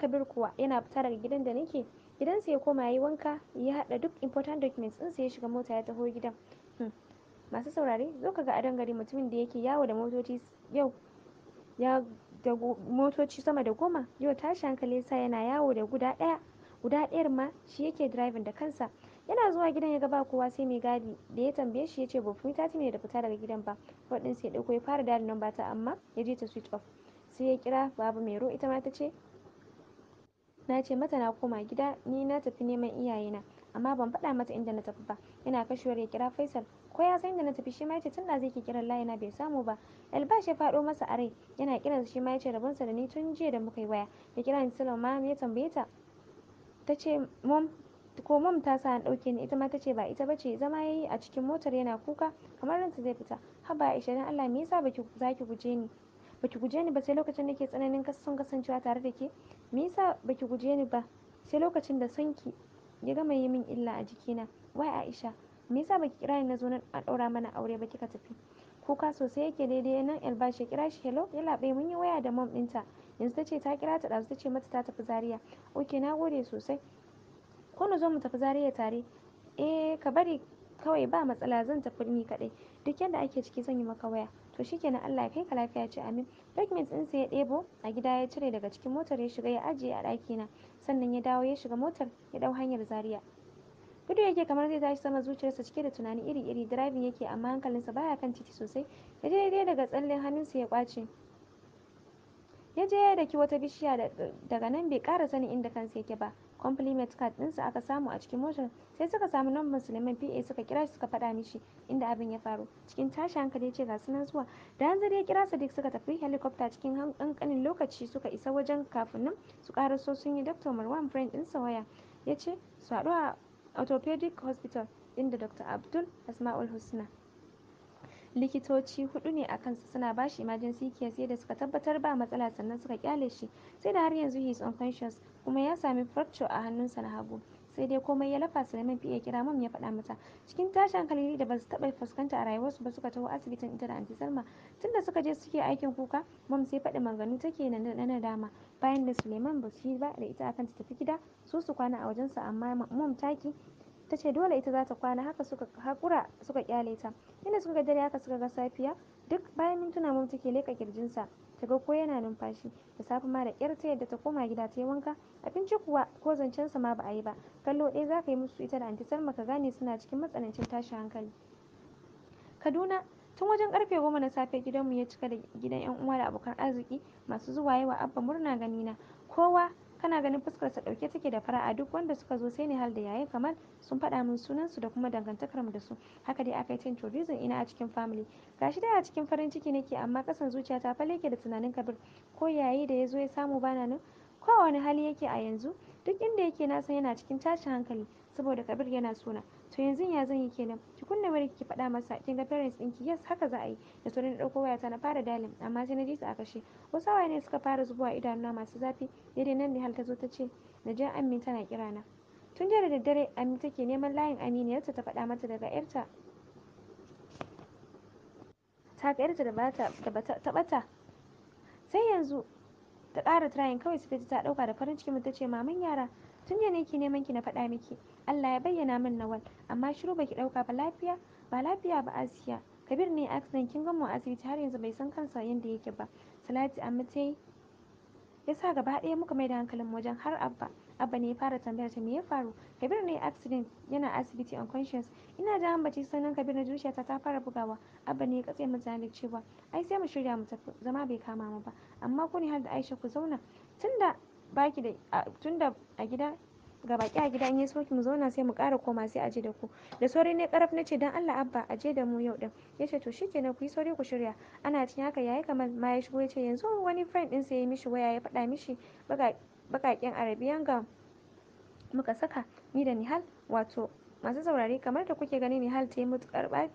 Kabir kuwa yana fita daga gidan da nake gidansa ya koma ya yi wanka ya haɗa duk important documents din ɗinsa ya shiga mota ya taho gidan. Hmm. Masu saurare zo ka ga adon gari mutumin da yake yawo da motoci yau ya da motoci sama da goma yau tashi hankali sa yana yawo da guda daya guda ɗayar ma shi yake driving da kansa yana zuwa gidan ya ga ba kowa sai mai gadi da ya tambaye shi ya ce ba fita ne da fita daga gidan ba waɗansu ya dauko ya fara dalin nan ta amma ya je ta switch off sai ya kira babu mairo ita ma ta ce Na ce mata na koma gida, ni na tafi neman iyayena. Amma ban faɗa mata inda na tafi ba. Yana kashewar ya kira Faisal. Ko ya san inda na tafi shi ma yace tun da zai ke kiran layina bai samu ba. Elbash ya faɗo masa a rai. Yana kiransa shi ma yace rabonsa da ni tun jiya da muka yi waya. Ya kira ni ma ya tambaye ta. Ta ce mom ko mom ta sa an ɗauke ni ita ma ta ce ba ita bace zama ya yi a cikin motar yana kuka kamar ransa zai fita haba aisha dan Allah me yasa baki zaki guje ni baki guje ni ba sai lokacin nake tsananin sun kasancewa tare da ke Me yasa baki guje ni ba sai lokacin da sanki ya gama yi min illa a jikina? Wai Aisha, me yasa baki kira ni na zo a daura mana aure ba kika tafi? Kuka sosai yake daidai nan albashi ya kira shi hello yallaɓai mun yi waya da mom ta Yanzu ta ce ta kira ta ɗazu ta ce mata ta tafi Zaria. Ok na gode sosai. Ko na zo mu tafi Zaria tare? Eh ka bari kawai ba matsala zan tafi ni kadai Duk yadda ake ciki zan yi maka waya. to shikenan Allah ya kai ka lafiya ce amin din sai ya debo a gida ya cire daga cikin motar ya shiga ya ajiye a ɗaki na sannan ya dawo ya shiga motar ya ɗau hanyar Zaria gudu yake kamar zai tashi sama zuciyarsa cike da tunani iri-iri driving yake amma hankalinsa baya kan titi sosai ya je daidai daga tsallen hannunsa ya kwace ya je ya daki wata bishiya daga nan bai kara sanin inda kansa yake ba compliment card sa aka samu a cikin motar sai suka samu lambar Suleiman PA suka kira shi suka faɗa mishi inda abin ya faru cikin tashi hankali ya ce ga sunan zuwa da hanzari ya kira duk suka tafi helicopter cikin hankalin lokaci suka isa wajen kafin nan su karaso sun yi Dr. Marwan friend sa waya ya ce su haɗu a orthopedic hospital inda Dr. Abdul Asma'ul Husna likitoci hudu ne a kansa suna bashi emergency care sai da suka tabbatar ba matsala sannan suka kyale shi sai da har yanzu he is unconscious kuma ya sami fracture a hannunsa na hagu sai dai komai ya lafa Sulaiman fi ya kira mam ya faɗa mata cikin tashi hankali da ba su taɓa fuskanta a rayuwarsu ba suka taho asibitin ita da anti Salma tunda suka je suke aikin kuka mam sai faɗi maganganu take nan da dama bayan da Suleiman ba su yi ba da ita akan ta tafi gida su su kwana a wajensa amma mam taki ta ce dole ita za ta kwana haka suka haƙura suka kyale ta inda suka ga dare haka suka ga safiya duk bayan mintuna mam take leƙa sa. ta ga ko yana numfashi da safe ma da ƙyar ta yadda ta koma gida ta yi wanka abinci kuwa ko zancensa ma ba a yi ba kallo ɗaya za ka yi musu ita da anti salma ka gane suna cikin matsanancin tashin hankali kaduna tun wajen karfe goma na safe gidanmu ya cika da gidan yan uwa da abokan arziki masu zuwa yawa abba murna ganina kowa kana ganin fuskarsa dauke take da fara'a duk wanda suka zo sai har da yaye kamar sun faɗa min sunan su da kuma dangantakar mu da su haka dai aka yi cin tourism ina a cikin family gashi dai a cikin farin ciki nake amma kasan zuciya ta fale ke da tunanin Kabir ko yayi da ya zo ya samu bana nan ko wani hali yake a yanzu duk inda yake na san yana cikin tashin hankali saboda Kabir yana suna to yanzu ya zan yi kenan ki kunna wani ki faɗa masa kin ga parents ki yes haka za a yi da sauran ɗauko wayata na fara dalin amma sai na ji su a kashe wasu hawaye ne suka fara zubowa idanuna masu zafi daidai nan ne hal ta zo ta ce na je amin tana kira na tun jiya da daddare amin take neman layin aminiyarta ta faɗa mata daga yarta ta yarta da bata ta bata sai yanzu ta ƙara trying kawai sai ta ɗauka da farin ciki mu ta ce maman yara tun jiya ne ki neman ki na faɗa miki Allah ya bayyana min Nawal amma shiru baki dauka ba lafiya ba lafiya ba Asiya Kabir ne accident kin gamo asibiti har yanzu bai san kansa yanda yake ba Salati amma ya sa gaba ɗaya muka mai da hankalin wajen har abba abba ne ya fara tambayar ta me ya faru kabir ne accident yana asibiti unconscious ina da ambaci sannan kabir na zuciyata ta fara bugawa abba ne ya katse mu da cewa ai sai mu shirya mu tafi zama bai kama mu ba amma ku ne har da aisha ku zauna tunda baki da tunda a gida ga baki a gida in ya soki mu zauna sai mu ƙara koma sai a je da ku da sauri ne karaf na ce dan Allah abba a je da mu yau din ya ce to shikenan ku yi sauri ku shirya ana cikin haka yayi kamar ma ya shigo ya ce yanzu wani friend din sai ya mishi waya ya faɗa mishi bakaƙen arabiyan ga muka saka ni da Nihal wato masu saurare kamar da kuke gani Nihal ta yi matuƙar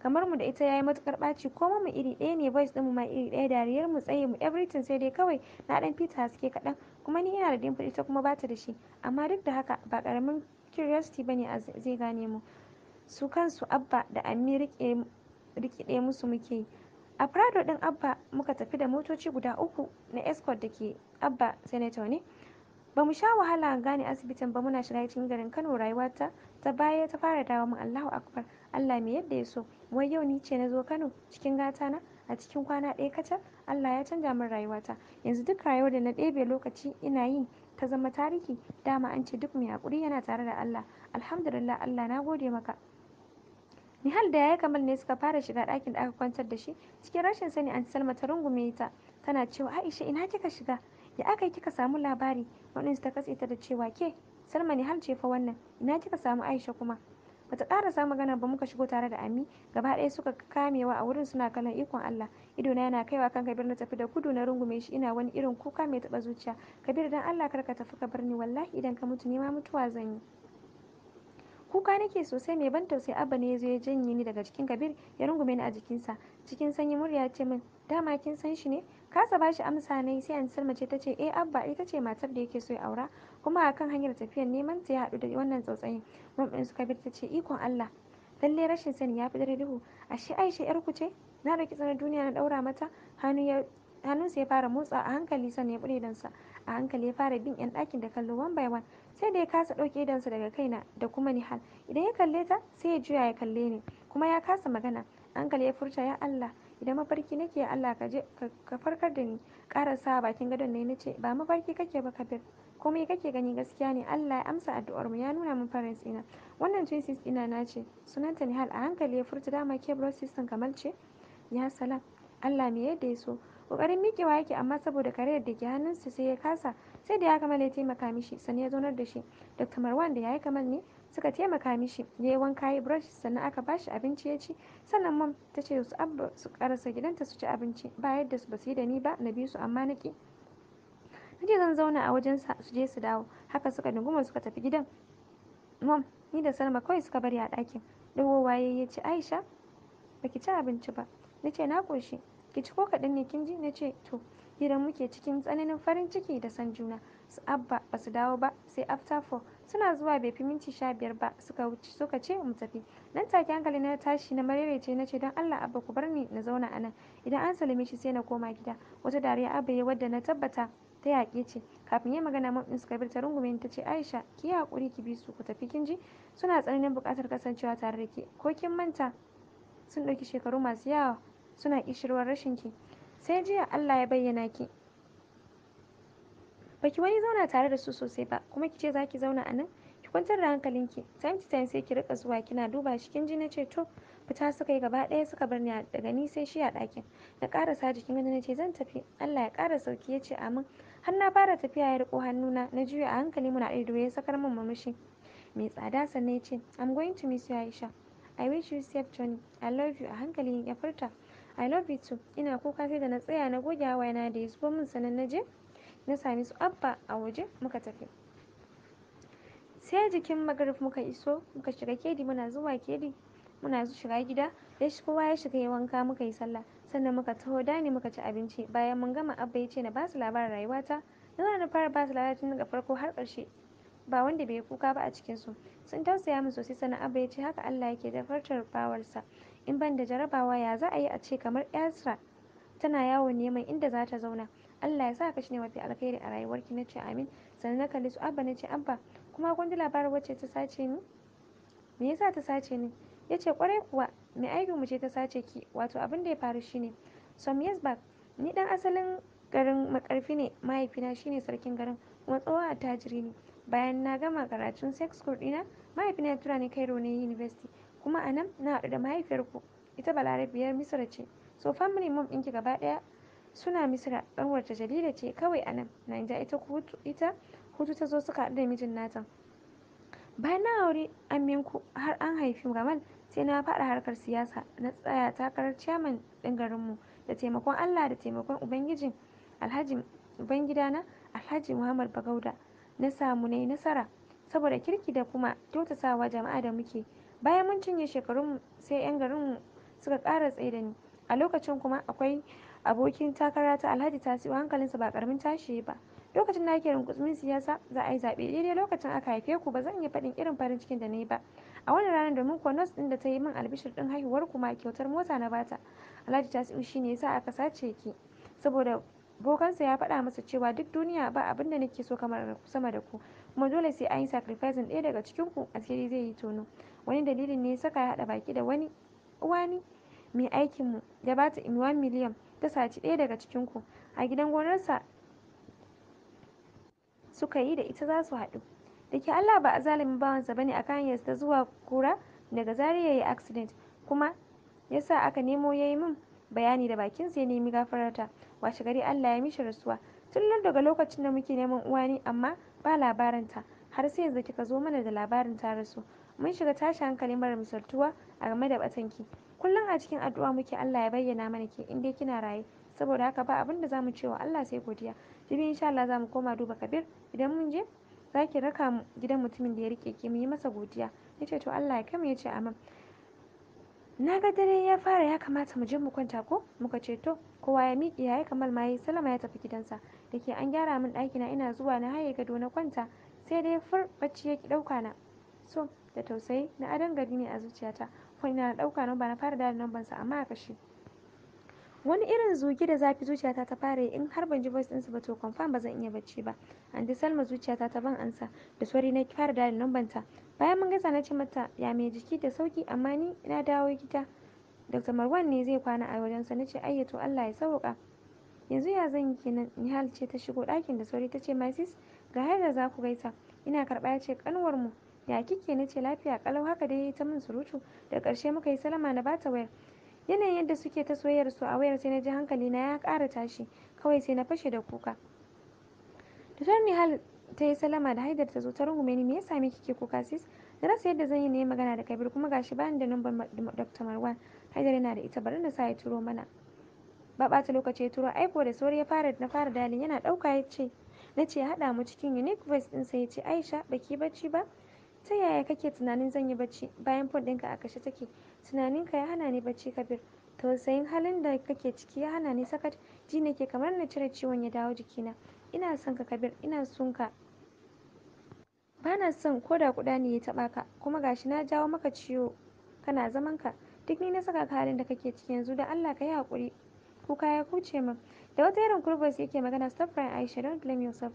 kamar mu da ita yayi matukar ɓaci ko mu iri ɗaya ne voice mu ma iri ɗaya dariyar mu tsaye mu everything sai dai kawai na ɗan fita haske kaɗan kuma ni ina da dimple ita kuma bata da shi amma duk da haka ba ƙaramin curiosity bane zai gane mu su kansu abba da ammi rikiɗe musu muke yi a prado din abba muka tafi da motoci guda uku na escort da ke abba senator ne ba mu sha wahala gane asibitin ba muna shiga cikin garin kano rayuwata ta baya ta fara dawo mu allahu akbar allah me yadda ya so wai yau ni ce na zo kano cikin gata na a cikin kwana ɗaya kacal Allah ya canja min rayuwata yanzu duk rayuwar da na ɗebe lokaci ina yi ta zama tarihi dama an ce duk mai haƙuri yana tare da Allah alhamdulillah Allah na gode maka Nihal da yaya kamar ne suka fara shiga ɗakin da aka kwantar da shi cikin rashin sani an Salma ta rungume ta tana cewa Aisha ina kika shiga ya aka kika samu labari waɗansu ta katse ta da cewa ke Salma Nihal ce fa wannan ina kika samu Aisha kuma bata karasa magana ba muka shigo tare da ami gaba ɗaya suka kamewa a wurin suna kallon ikon Allah ido na yana kaiwa kan Kabir na tafi da kudu na rungume shi ina wani irin kuka mai taɓa zuciya Kabir dan Allah kar ka tafi ka bar ni wallahi idan ka mutu nema mutuwa zan yi kuka nake sosai mai ban tausayi abba ne ya zo ya janye ni daga jikin kabir ya rungume ni a jikinsa cikin sanyi murya ce min dama kin san shi ne kasa ba shi amsa ne sai an salma ce tace eh abba ita ce matar da yake so ya aura kuma akan hanyar tafiyar neman ta ya hadu da wannan tsautsayin mun din suka bi tace ikon Allah lalle rashin sani ya fi dare duhu ashe Aisha yar ku ce na dauki tsanar duniya na daura mata hannu ya hannunsa ya fara motsa a hankali sannan ya bude dansa a hankali ya fara bin yan ɗakin da kallo one by one sai da ya kasa ɗauke dansa daga kaina da kuma Nihal idan ya kalle ta sai ya juya ya kalle ni kuma ya kasa magana hankali ya furta ya Allah idan mafarki nake ya Allah ka je ka farkar da ni sa bakin gadon ne nace ba mafarki kake ba kabir komai kake gani gaskiya ne Allah ya amsa addu'ar mu ya nuna mun farin tsina wannan twinsies ina na ce sunanta hal a hankali ya furta dama ke bro system kamar ce ya salam Allah me yadda ya so kokarin mikewa yake amma saboda kare da ke hannunsa sai ya kasa sai da ya kamala ya taimaka mishi sannan ya zaunar da shi dr marwan da yi kamal ne suka taimaka mishi ya yi wanka ya yi brush sannan aka bashi abinci ya ci sannan mom ta ce su abba su karasa gidanta su ci abinci ba yadda su basu yi da ni ba na bi su amma na ki na ce zan zauna a wajen su je su dawo haka suka dunguma suka tafi gidan mom ni da salma kawai suka bari a ɗakin dawo waye ya ce aisha baki ci abinci ba na ce na koshi ki ci ko kaɗan ne kin ji na ce to gidan muke cikin tsananin farin ciki da san juna su abba ba su dawo ba sai after four suna zuwa bai fi minti sha biyar ba suka wuce suka ce mu tafi nan take hankali na tashi na marerece na ce don Allah abba ku bar ni na zauna a nan idan an salame shi sai na koma gida wata dariya abba ya wadda na tabbata ta yaƙe ce kafin ya magana mun in suka ta rungume ta ce Aisha ki yi haƙuri ki bi su ku tafi kin ji suna tsananin buƙatar kasancewa tare da ke ko kin manta sun ɗauki shekaru masu yawa suna ƙishirwar rashin ki sai jiya Allah ya bayyana ki ba ki wani zauna tare da su sosai ba kuma ki ce za ki zauna a nan ki kwantar da hankalinki time to time sai ki rika zuwa kina duba shi kin ji na ce to fita suka yi gaba ɗaya suka bar ni daga ni sai shi a ɗakin na ƙarasa jikin gani na ce zan tafi Allah ya ƙara sauki ya ce amin har na fara tafiya ya riko hannuna na juya a hankali muna ido ya sakar min murmushi mai tsada sannan ya ce I'm going to miss you Aisha I wish you safe journey I love you a hankali ya furta I love you too ina kuka sai da na tsaya na goge yana da ya zubo min sannan na je na sami su abba a waje muka tafi sai jikin magarif muka iso muka shiga kedi muna zuwa kedi muna shiga gida da shi kowa ya shiga yi wanka muka yi sallah sannan muka taho dani muka ci abinci bayan mun gama abba ya ce na basu labarin rayuwata na na fara basu labarin daga farko har ƙarshe ba wanda bai kuka ba a cikin su sun tausaya min sosai sannan abba ya ce haka allah yake da fartar bawarsa in ban da jarabawa ya za a yi a ce kamar yasra tana yawon neman inda za ta zauna Allah ya sa ka shine mafi alkhairi a rayuwarki na ce amin sannan na kalli su abba na abba kuma kun ji labarin wacce ta sace ni me yasa ta sace ni yace kwarai kuwa mai aikin mu ce ta sace ki wato abin da ya faru shine some years back ni dan asalin garin makarfi ne mahaifina shine sarkin garin kuma tsohon attajiri ne bayan na gama karatun sex school dina mahaifina ya tura ni Cairo ne university kuma a nan na haɗu da mahaifiyar ku ita balarabiyar misira ce so family mom ɗinki gaba ɗaya Suna Misra ƙanwarta jarida ce kawai a nan, inda ita hutu ta zo suka haɗu da mijin nata. Bayan na auri Aminku har an haifi Gamal sai na faɗa harkar siyasa na tsaya takarar ciyaman ɗin garinmu da taimakon Allah da taimakon Ubangijin Alhaji Ubangidana Alhaji Muhammad Bagauda na samu ne nasara saboda kirki da kuma kyautatawa jama'a da muke bayan mun cinye shekarunmu sai 'yan garinmu suka ƙara tsaye da ni a lokacin kuma akwai abokin takara ta alhaji tasiu hankalinsa ba karamin tashi ba lokacin da ake rinkutsumin siyasa za a yi zaɓe daidai lokacin aka haife ku ba zan iya faɗin irin farin cikin da na yi ba a wannan ranar domin kuwa nos ɗin da ta yi min albishir ɗin haihuwar ma kyautar mota na bata alhaji shi ne yasa aka sace ki saboda bokansa ya faɗa masa cewa duk duniya ba abin da nake so kamar sama da ku kuma dole sai an yi sacrificing ɗaya daga cikin ku asiri zai yi tono wani dalilin ne ya saka ya haɗa baki da wani uwani mai aikin mu da bata in 1 miliyan ta saci ɗaya daga cikinku a gidan gonarsa suka yi da ita za su haɗu da ke Allah ba a zalimin bawansa bane akan hanyarsa ta zuwa kura daga zariya yayi yi accident kuma ya sa aka nemo ya yi min bayani da bakinsa ya nemi gafararta washe gari Allah ya mishi rasuwa tun daga lokacin da muke neman uwa ne amma ba labarinta har sai yanzu kika zo mana da labarin ta rasu mun shiga tashin hankali mara misaltuwa a game da batanki kullum a cikin addu'a muke Allah ya bayyana mana ke in kina raye saboda haka ba abin da zamu ce wa Allah sai godiya jibi insha Allah zamu koma duba Kabir idan mun je zaki raka mu gidan mutumin da ya rike ki mu yi masa godiya yace to Allah ya kama yace amin na ga dare ya fara ya kamata mu je mu kwanta ko muka ce to kowa ya miƙe ya yi kamar ma yi salama ya tafi gidansa da ke an gyara min na ina zuwa na haye gado na kwanta sai dai fur bacci ya ki ɗauka na so da tausayi na adon gari ne a zuciyata point na ɗauka nan ba na fara dial number sa amma aka shi. wani irin zugi da zafi zuciyata ta fara yi in har ban ji voice ɗinsa ba to confirm ba zan iya bacci ba anti salma zuciyata ta ban ansa da sauri na fara dial number ta bayan mun gaisa na ce mata ya mai jiki da sauki amma ni na dawo gida dr marwan ne zai kwana a wajensa na ce ayyato to allah ya sauka yanzu ya zan yi kenan nihal ce ta shigo ɗakin da sauri ta ce my ga har da za ku gaisa ina karɓa ya ce kanwar mu ya kike na ce lafiya kalau haka dai ta min surutu da karshe muka yi salama na bata wayar yanayin yadda suke ta soyayyar su a wayar sai na ji hankali na ya kara tashi kawai sai na fashe da kuka da tar hal ta yi salama da haidar ta zo ta rungume ni me yasa me kike kuka sis na rasa yadda zan yi ne magana da kabir kuma gashi bani da numbar dr marwan haidar yana da ita bari na sa ya turo mana ba bata lokaci ya turo aiko da sauri ya fara na fara dalin yana dauka ya ce na ce haɗa mu cikin unique voice din sai ya ce aisha baki bacci ba Ta yaya kake tunanin zan yi bacci bayan phone ɗinka a kashe take? ka ya hana ni bacci Kabir. Tausayin halin da kake ciki ya hana ni sakat. Ji nake kamar na cire ciwon ya dawo jikina. Ina son ka Kabir, ina son ka. Ba son ko da kuɗa ne ya taɓa ka. Kuma gashi na jawo maka ciwo kana zaman ka. Duk ni na saka ka halin da kake ciki yanzu da Allah ka yi haƙuri. Kuka ya kuce min. Da wata irin kurbus yake magana stop crying Aisha don't blame yourself.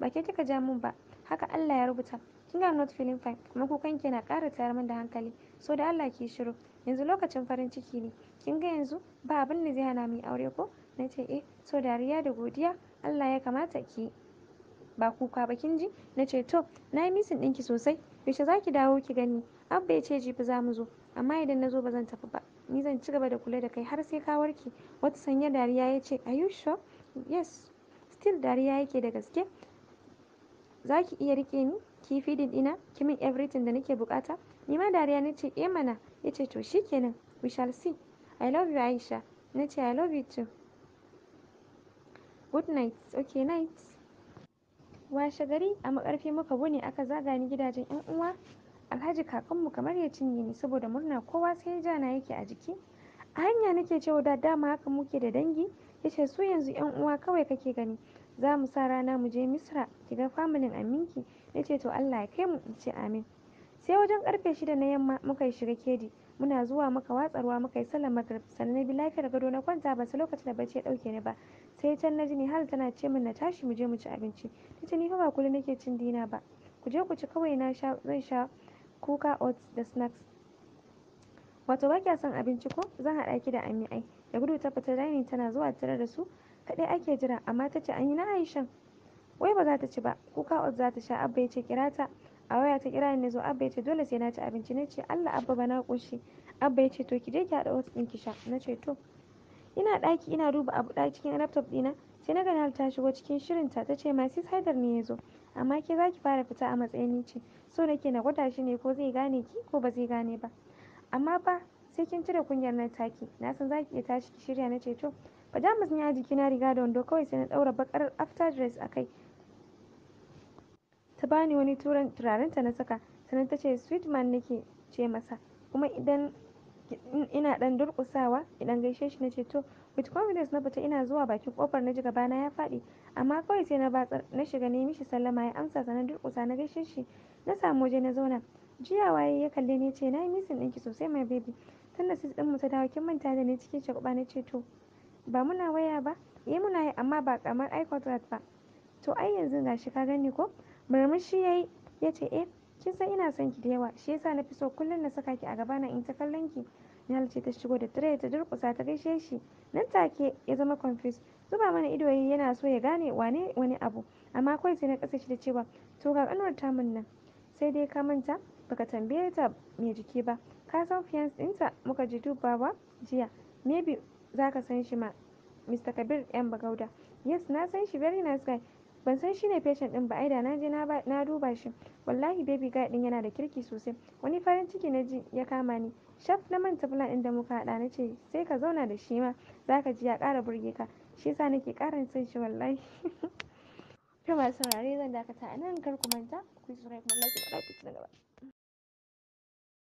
Ba ke kika ja mun ba. Haka Allah ya rubuta. kina not feeling fine kuma kukan ki na ƙara tayar min da hankali so da Allah ki shiru yanzu lokacin farin ciki ne kin ga yanzu ba abin da zai hana mu aure ko nace eh so dariya da godiya Allah ya kamata ki ba kuka ba kin ji nace to na yi misin ɗinki sosai yaushe za ki dawo ki gani abba ya ce jibi za mu zo amma idan na zo ba zan tafi ba ni zan ci gaba da kula da kai har sai ka warke wata sanya dariya ya ce are you sure yes still dariya yake da gaske za ki iya rike ni kifi din ɗina kimin everything da nake bukata ni ma dariya na ce eh mana ya ce to shikenan we shall see i love you aisha na ce i love you too good night okay night washe gari a makarfi muka bune aka zaga ni gidajen yan uwa alhaji kakanmu kamar ya cinye ni saboda murna kowa sai ja na yake a jiki a hanya nake cewa da dama haka muke da dangi yace su yanzu yan uwa kawai kake gani za mu sa rana mu je misra ki ga familin aminki ya ce to Allah ya kai mu in ce amin sai wajen karfe shida na yamma muka yi shiga kedi muna zuwa muka watsarwa muka yi sallar magrib sannan na bi lafiyar gado na kwanta ba sai lokacin da bacci ya dauke ni ba sai can na ji ni har tana ce min na tashi mu je mu ci abinci tace ni fa ba kullum nake cin dina ba ku je ku ci kawai na sha zan sha kuka oats da snacks wato ba kya son abinci ko zan haɗa ki da ami ai da gudu ta fita dining tana zuwa tare da su kaɗai ake jira amma ta ce an yi na aishan wai ba za ta ci ba kuka oats za ta sha abba ya ce kira ta a waya ta kira ni zo abba ya ce dole sai na ci abinci na ce Allah abba ba na kushi abba ya ce to ki je ki haɗa wasu ɗinki sha na ce to ina ɗaki ina duba abu ɗaki cikin laptop ɗina sai na gani ta shigo cikin shirin ta ce ma sis haidar ne ya zo amma ke za ki fara fita a matsayin ni ce so nake na gwada shi ne ko zai gane ki ko ba zai gane ba amma fa sai kin cire kunyar nan taki na san za ki iya tashi ki shirya na ce to pajamas ne a kina riga da wando kawai sai na ɗaura bakar after dress a kai ta bani wani turan turaren ta na saka sannan ta ce sweet man nake ce masa kuma idan ina dan durkusawa idan gaishe shi na ce to with confidence na fita ina zuwa bakin kofar naji ji gabana ya fadi amma kawai sai na batsar na shiga ne mishi sallama ya amsa sannan durkusa na gaishe shi na samu waje na zauna jiya waye ya kalle ni ce na yi misin ɗinki sosai mai baby tunda sis din mu ta dawo kin manta da ni cikin shakuba na ce to ba muna waya ba eh muna yi amma ba kamar i contract ba to ai yanzu gashi ka gani ko Murmushi ya yi ya ce, "Eh, kin ina son ki da yawa, shi ya na fi so kullum na saka ki a na in ta kallon ki." na ce ta shigo da tire ta durƙusa ta gaishe shi. Nan take ya zama confused. Zuba mana ido yayi yana so ya gane wane wani abu, amma kawai sai na kasa shi da cewa, "To ga ta tamun nan, sai dai ka manta baka tambaye ta me jiki ba. Ka san fiance ɗinta muka ji dubawa jiya. Maybe za ka san shi ma Mr. Kabir 'yan Bagauda. Yes, na san shi very nice guy. ban san shine patient din ba ai da naje na duba shi wallahi baby guy din yana da kirki sosai wani farin ciki na ji ya kama ni shaf na manta plan din da muka hada na ce sai ka zauna da shi ma zaka ji ya kara burge ka shi yasa nake karin son shi wallahi to saurare zan dakata anan kar ku manta subscribe kuma like like gaba